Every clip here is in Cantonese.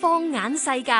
放眼世界，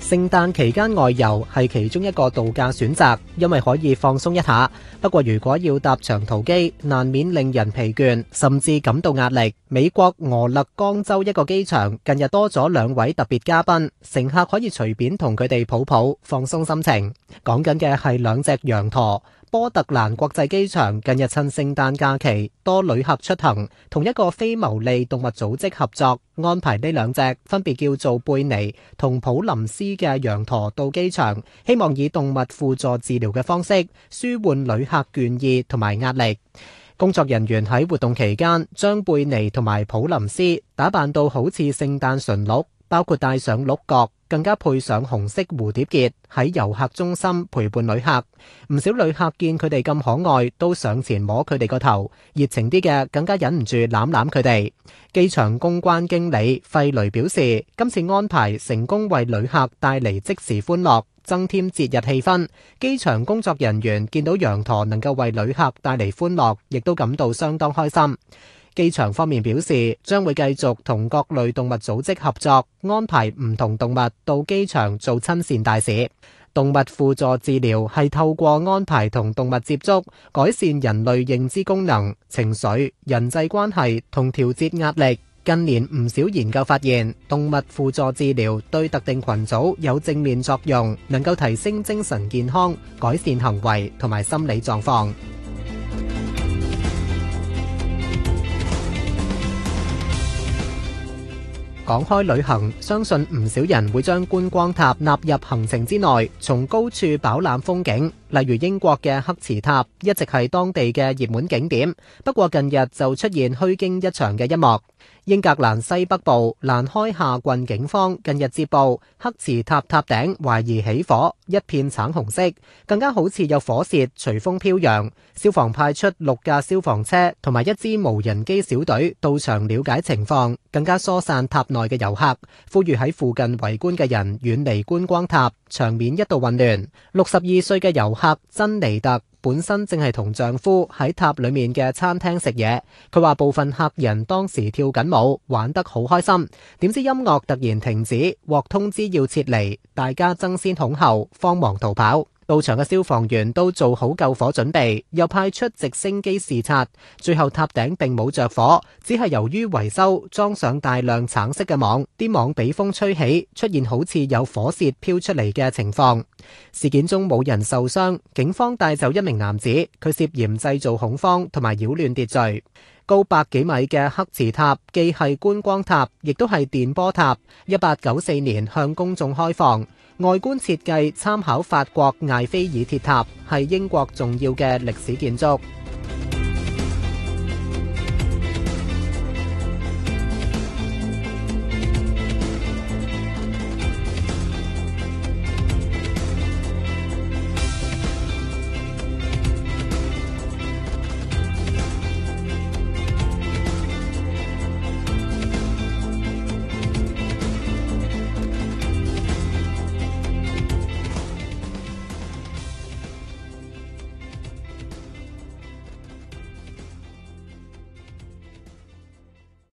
聖誕期間外遊係其中一個度假選擇，因為可以放鬆一下。不過，如果要搭長途機，難免令人疲倦，甚至感到壓力。美國俄勒岡州一個機場近日多咗兩位特別嘉賓，乘客可以隨便同佢哋抱抱，放鬆心情。講緊嘅係兩隻羊駝。波特蘭國際機場近日趁聖誕假期多旅客出行，同一個非牟利動物組織合作，安排呢兩隻分別叫做貝尼同普林斯嘅羊駝到機場，希望以動物輔助治療嘅方式舒緩旅客倦意同埋壓力。工作人員喺活動期間，將貝尼同埋普林斯打扮到好似聖誕馴鹿。包括戴上鹿角，更加配上紅色蝴蝶結，喺遊客中心陪伴旅客。唔少旅客見佢哋咁可愛，都上前摸佢哋個頭，熱情啲嘅更加忍唔住攬攬佢哋。機場公關經理費雷表示，今次安排成功為旅客帶嚟即時歡樂，增添節日氣氛。機場工作人員見到羊駝能夠為旅客帶嚟歡樂，亦都感到相當開心。機場方面表示，將會繼續同各類動物組織合作，安排唔同動物到機場做親善大使。動物輔助治療係透過安排同動物接觸，改善人類認知功能、情緒、人際關係同調節壓力。近年唔少研究發現，動物輔助治療對特定群組有正面作用，能夠提升精神健康、改善行為同埋心理狀況。講開旅行，相信唔少人會將觀光塔納入行程之內，從高處飽覽風景。例如英國嘅黑池塔一直係當地嘅熱門景點，不過近日就出現虛驚一場嘅一幕。英格蘭西北部蘭開夏郡警方近日接報，黑池塔塔頂懷疑起火，一片橙紅色，更加好似有火舌隨風飄揚。消防派出六架消防車同埋一支無人機小隊到場了解情況，更加疏散塔內嘅遊客，呼籲喺附近圍觀嘅人遠離觀光塔。場面一度混亂。六十二歲嘅遊客珍妮特，本身正係同丈夫喺塔裏面嘅餐廳食嘢，佢話部分客人當時跳緊舞，玩得好開心，點知音樂突然停止，獲通知要撤離，大家爭先恐後，慌忙逃跑。到場嘅消防員都做好救火準備，又派出直升機視察，最後塔頂並冇着火，只係由於維修裝上大量橙色嘅網，啲網俾風吹起，出現好似有火舌飄出嚟嘅情況。事件中冇人受傷，警方帶走一名男子，佢涉嫌製造恐慌同埋擾亂秩序。高百幾米嘅黑池塔，既係觀光塔，亦都係電波塔。一八九四年向公眾開放，外觀設計參考法國艾菲爾鐵塔，係英國重要嘅歷史建築。